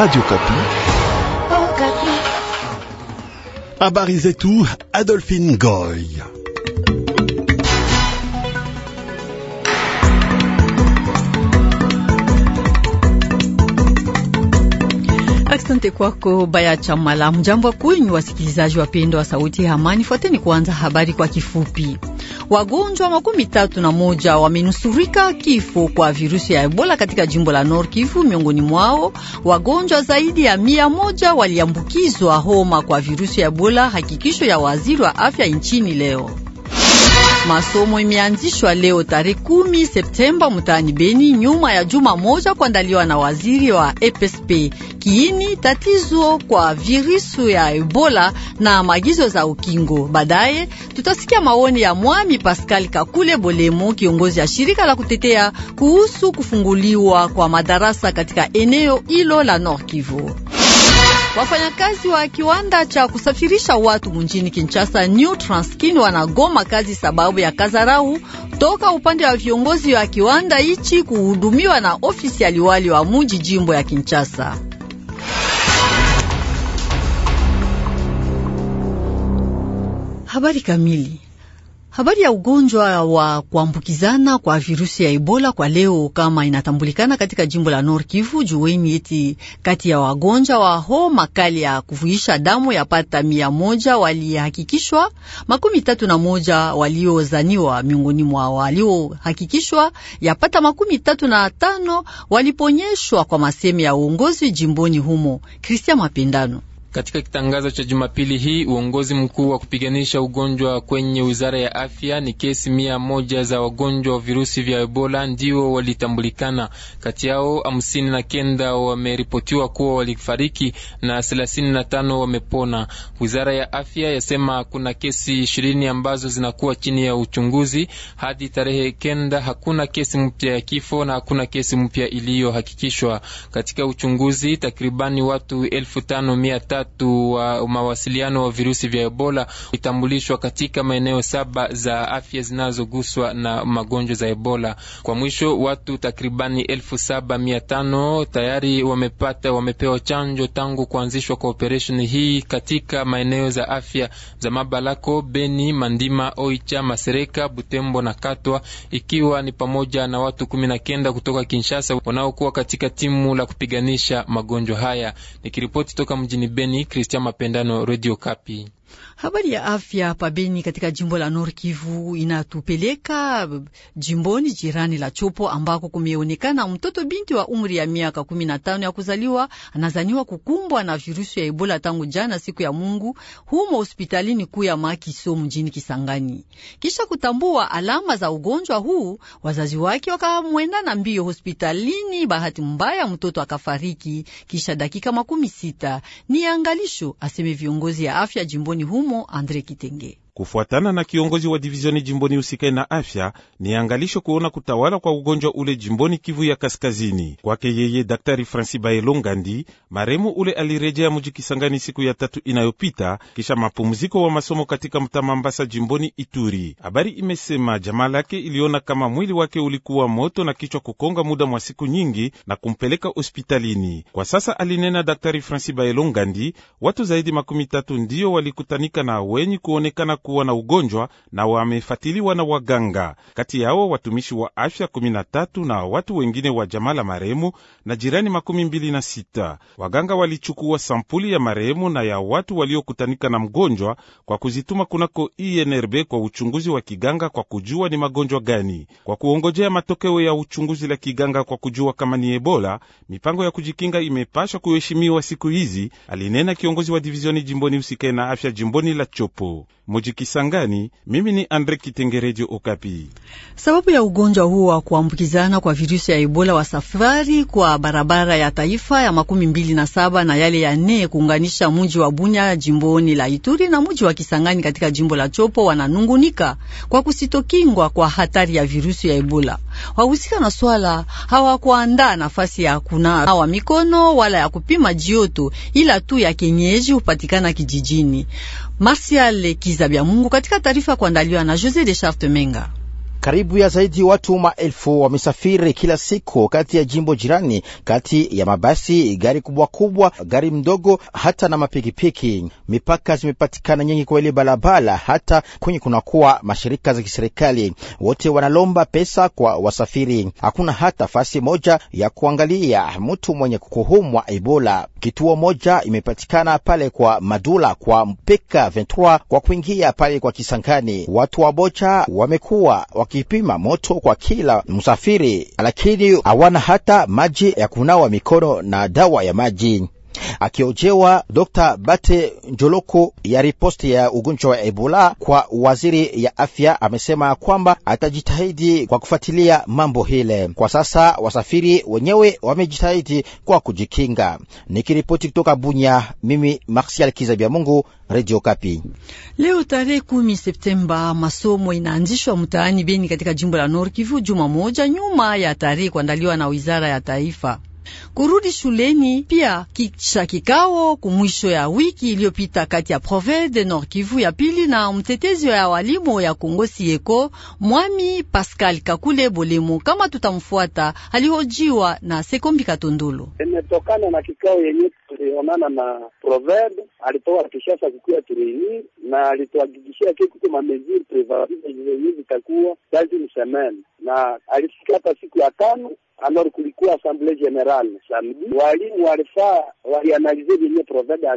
Radio Kapi. Habari zetu Adolphine Goy. Asante kwako Baya Chamala. Mjambo kunywa wasikilizaji wapendwa wa Sauti ya Amani, fuateni kuanza habari kwa kifupi. Wagonjwa makumi tatu na moja wamenusurika kifo kwa virusi ya Ebola katika jimbo la Nord Kivu. Miongoni mwao wagonjwa zaidi ya mia moja waliambukizwa homa kwa virusi ya Ebola, hakikisho ya waziri wa afya nchini leo. Masomo imeanzishwa leo tarehe 10 Septemba mtaani Beni, nyuma ya juma moja kuandaliwa na waziri wa EPSP. Kiini tatizo kwa virusi ya Ebola na maagizo za ukingo. Baadaye tutasikia maoni ya Mwami Pascal Kakule Bolemo, kiongozi ya shirika la kutetea kuhusu kufunguliwa kwa madarasa katika eneo hilo la Nord Kivu. Wafanyakazi wa kiwanda cha kusafirisha watu mjini Kinshasa New Transkin wanagoma kazi sababu ya kazarau toka upande wa viongozi wa kiwanda hichi kuhudumiwa na ofisi ya liwali wa mji jimbo ya Kinshasa. Habari kamili Habari ya ugonjwa wa kuambukizana kwa virusi ya Ebola kwa leo kama inatambulikana katika jimbo la Nord Kivu, juweni eti kati ya wagonjwa wa homa kali ya kuvuisha damu yapata mia moja walihakikishwa, makumi tatu na moja waliozaniwa. Miongoni mwa waliohakikishwa yapata makumi tatu na tano waliponyeshwa kwa maseme ya uongozi jimboni humo. Kristian Mapindano katika kitangazo cha Jumapili hii, uongozi mkuu wa kupiganisha ugonjwa kwenye wizara ya afya ni kesi mia moja za wagonjwa wa virusi vya Ebola ndio walitambulikana. Kati yao hamsini na kenda wameripotiwa kuwa walifariki na thelathini na tano wamepona. Wizara ya afya yasema kuna kesi ishirini ambazo zinakuwa chini ya uchunguzi. Hadi tarehe kenda hakuna kesi mpya ya kifo na hakuna kesi mpya iliyohakikishwa. Katika uchunguzi takribani watu elfu tano mia tatu tatu wa mawasiliano wa virusi vya Ebola itambulishwa katika maeneo saba za afya zinazoguswa na magonjwa za Ebola. Kwa mwisho, watu takribani elfu saba mia tano tayari wamepata wamepewa chanjo tangu kuanzishwa kwa operesheni hii katika maeneo za afya za Mabalako, Beni, Mandima, Oicha, Masereka, Butembo na Katwa, ikiwa ni pamoja na watu kumi na kenda kutoka Kinshasa wanaokuwa katika timu la kupiganisha magonjwa haya. Nikiripoti toka mjini Beni. Kisangani, Christian Mapendano, Radio Kapi. Habari ya afya pabeni katika jimbo la Nord Kivu inatupeleka jimboni jirani la Chopo ambako kumeonekana mtoto binti wa umri ya miaka kumi na tano ya kuzaliwa anazaniwa kukumbwa na virusi ya Ebola tangu jana siku ya Mungu humo hospitalini kuu ya Makiso mjini Kisangani. Kisha kutambua alama za ugonjwa huu, wazazi wake wakamwenda na mbio hospitalini. Bahati mbaya mtoto akafariki kisha dakika makumi sita. Ni angalisho aseme viongozi ya afya jimboni Mkoani humo Andre Kitenge kufuatana na kiongozi wa divizioni jimboni husika na afya, ni angalisho kuona kutawala kwa ugonjwa ule jimboni Kivu ya Kaskazini. Kwake yeye Daktari Franci Baelo maremu ule alirejea muji Kisangani siku ya tatu inayopita kisha mapumziko wa masomo katika mtaa Mambasa jimboni Ituri. Habari imesema jamaa lake iliona kama mwili wake ulikuwa moto na kichwa kukonga muda mwa siku nyingi na kumpeleka hospitalini. Kwa sasa, alinena Daktari Franci Baelo watu zaidi makumi tatu ndiyo walikutanika na wenyi kuonekana ku kuwa na ugonjwa na wamefatiliwa na waganga. Kati yao watumishi wa afya 13 na watu wengine wa jamaa la marehemu na jirani makumi mbili na sita. Waganga walichukua sampuli ya marehemu na ya watu waliokutanika na mgonjwa kwa kuzituma kunako INRB kwa uchunguzi wa kiganga kwa kujua ni magonjwa gani, kwa kuongojea matokeo ya uchunguzi la kiganga kwa kujua kama ni Ebola. Mipango ya kujikinga imepashwa kuheshimiwa siku hizi, alinena kiongozi wa divizioni jimboni usikae na afya jimboni la Chopo Mujiki Kisangani. Mimi ni Andre Kitengereji, Okapi. Sababu ya ugonjwa huo wa kuambukizana kwa virusi ya Ebola wa safari kwa barabara ya taifa ya makumi mbili na saba na yale ya nne kuunganisha muji wa Bunya jimboni la Ituri na muji wa Kisangani katika jimbo la Chopo wananungunika kwa kusitokingwa kwa hatari ya virusi ya Ebola. Wahusika na swala hawakuandaa nafasi ya kunawa mikono wala ya kupima jioto ila tu ya kienyeji hupatikana kijijini. Marsial Kizabia Mungu katika taarifa kuandaliwa na Jose de Charte Menga. Karibu ya zaidi watu maelfu wamesafiri kila siku kati ya jimbo jirani, kati ya mabasi, gari kubwa kubwa, gari mdogo, hata na mapikipiki. Mipaka zimepatikana nyingi kwa ile barabara, hata kwenye kunakuwa mashirika za kiserikali. Wote wanalomba pesa kwa wasafiri. Hakuna hata fasi moja ya kuangalia mtu mwenye kukuhumwa Ebola. Kituo moja imepatikana pale kwa Madula kwa mpika 23 kwa kuingia pale kwa Kisangani. Watu wa Bocha wamekuwa wakipima moto kwa kila msafiri, lakini hawana hata maji ya kunawa mikono na dawa ya maji. Akiojewa, Dr Bate Njoloko ya riposti ya ugonjwa wa Ebola kwa waziri ya afya amesema kwamba atajitahidi kwa kufuatilia mambo hile. Kwa sasa wasafiri wenyewe wamejitahidi kwa kujikinga. Nikiripoti kutoka Bunya, mimi Marsial Kizabia Mungu, Radio Kapi. Leo tarehe kumi Septemba, masomo inaanzishwa mtaani Beni katika jimbo la Nord Kivu, juma moja nyuma ya tarehe kuandaliwa na wizara ya taifa kurudi shuleni pia kisha kikao kumwisho ya wiki iliyopita kati ya province de Nord Kivu ya pili na mtetezi ya walimu ya Kongo Sieko Mwami Pascal Kakule Bolemo, kama tutamfuata, alihojiwa na Sekombi Katundulu. Imetokana na kikao yenye tulionana na proverbe alitoka Kishasa kukuya tureini na alituhakikishia kitu mameziri preventive zenye zitakuwa kazi msemene, na alifika hapa siku ya tano alors kulikuwa assemblee generale samedi, walimu walifaa walianalize vyenye proveda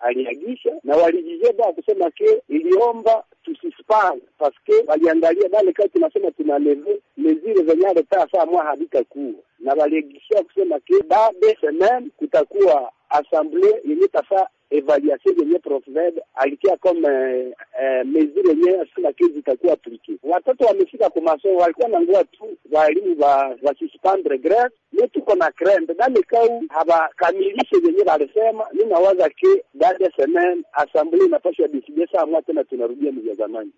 aliagisha na walijijia ba kusema ke iliomba tusispane paske waliangalia bale kai tunasema tuna leve mezire zenye aletaa saa mwa habitakuwa na waliagishia kusema ke bade semaine kutakuwa assemblee yenye tafaa evaluation yenye profved alitia comme uh, mesure yenye silakizi itakuwa aplike. Watoto wamefika kumasomo walikuwa na ngua tu waalimu wasuspendre grade, ni tuko na krembe dalikau habakamilishe yenye balisema. Ni nawaza ke baada ya semaine asamblee inapashwa diside saa mwa tena tunarudia mvya zamani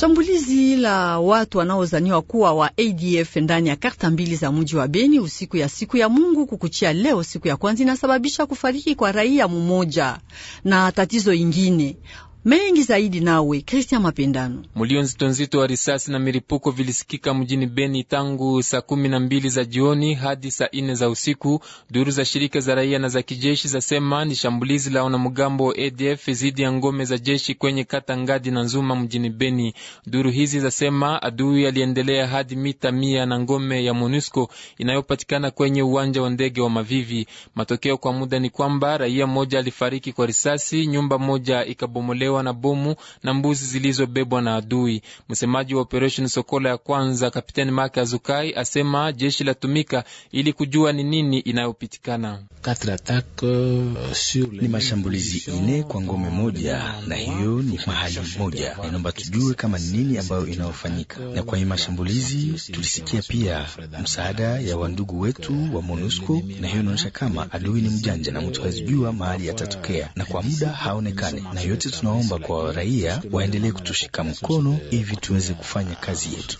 Shambulizi la watu wanaozaniwa kuwa wa ADF ndani ya karta mbili za mji wa Beni usiku ya siku ya Mungu kukuchia leo siku ya kwanza inasababisha kufariki kwa raia mmoja na tatizo ingine mengi zaidi nawe Kristian Mapendano. Mulio nzito nzito wa risasi na milipuko vilisikika mjini Beni tangu saa kumi na mbili za jioni hadi saa ine za usiku. Duru za shirika za raia na za kijeshi zasema ni shambulizi la wanamgambo wa ADF dhidi ya ngome za jeshi kwenye kata Ngadi na Nzuma mjini Beni. Duru hizi zasema adui aliendelea hadi mita mia na ngome ya MONUSCO inayopatikana kwenye uwanja wa ndege wa Mavivi. Matokeo kwa muda ni kwamba raia mmoja alifariki kwa risasi, nyumba moja ikabomolewa waliotolewa na bomu na mbuzi zilizobebwa na adui. Msemaji wa operesheni Sokola ya kwanza Kapitani Make Azukai asema jeshi la tumika ili kujua ni nini inayopitikana. Euh, ni mashambulizi ine kwa ngome moja, na hiyo ni mahali moja. Inaomba tujue kama nini ambayo inayofanyika, na kwa mashambulizi tulisikia pia msaada ya wandugu wetu wa MONUSCO, na hiyo inaonyesha kama adui ni mjanja na mtu hawezi jua mahali yatatokea, na kwa muda haonekane, na yote tunaona tunaomba kwa raia waendelee kutushika mkono ili tuweze kufanya kazi yetu.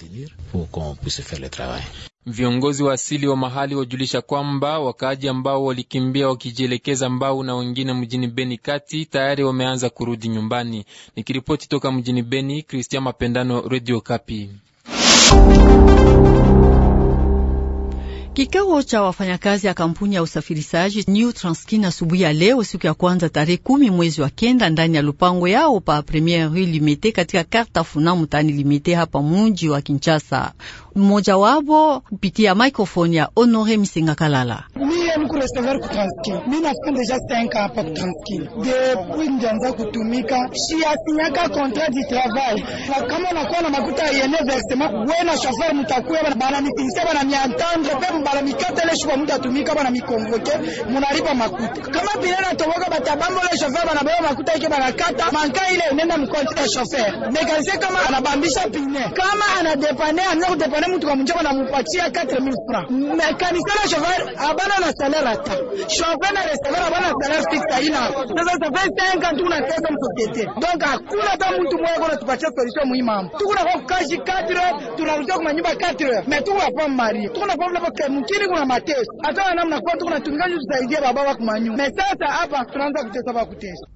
Viongozi wa asili wa mahali wajulisha kwamba wakaaji ambao walikimbia wakijielekeza Mbau na wengine mjini Beni kati tayari wameanza kurudi nyumbani. Nikiripoti toka mjini Beni, cristian Mapendano, Radio Kapi. Kikao cha wafanyakazi ya kampuni ya usafirishaji New Transkin asubuhi ya leo siku ya kwanza tarehe kumi mwezi wa kenda ndani ya lupango yao pa Premier Rue Limete katika karta funa mutani Limete hapa muji wa Kinshasa. Mmoja wabo kupitia microphone ya Honore Misenga Kalala niko recevoir ku nafika deja senka hapa ku depuis njanza kutumika, shiasinyaka contrat du travail, kama nakuwa na makuta yene versement we na chauffeur mtakuwa bana mitinsia pe bana mikatele shwa mtatumika munaripa makuta kama bila na toboka batabambo le makuta yake bana manka ile nenda mkonti ya chauffeur mekanishe kama anabambisha pine kama anadepane anza kudepane mtu kwa mjako na 4000 francs mekanishe na chauffeur abana na salaire attends. Je suis en train de recevoir bwana salaire fixe haina. Sasa ça fait 5 ans tunatesa msociete. Donc hakuna hata mtu mmoja kuna tupatia solution muhimu hapo. Tuko na kazi 4 heures, tunarudia kwa nyumba 4 heures. Mais tuko hapa mali. Tuko na problem kwa mkini kuna mateso. Hata namna kwa tuko tunatumika tusaidie baba wako manyu. Mais sasa hapa tunaanza kutesa baba kutesa.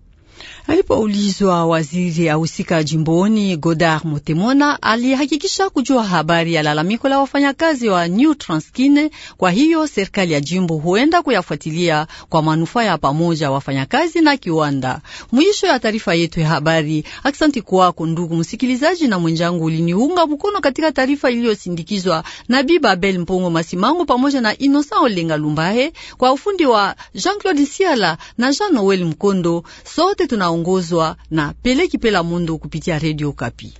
Alipoulizwa, waziri ya ahusika jimboni Godard Motemona alihakikisha kujua habari ya lalamiko la wafanyakazi wa New Transkine. Kwa hiyo serikali ya jimbo huenda kuyafuatilia kwa manufaa ya pamoja wafanyakazi na kiwanda. Mwisho ya taarifa yetu ya habari. Aksanti kwako ndugu msikilizaji na mwenjangu uliniunga mkono katika taarifa iliyosindikizwa na Biba Abel Mpongo Masimango pamoja na Inosa Olenga Lumbahe kwa ufundi wa Jean-Claude Siala na Jean Noel Mkondo. Sote tuna anaongozwa na Peleki Pela Mundu kupitia Redio Kapi.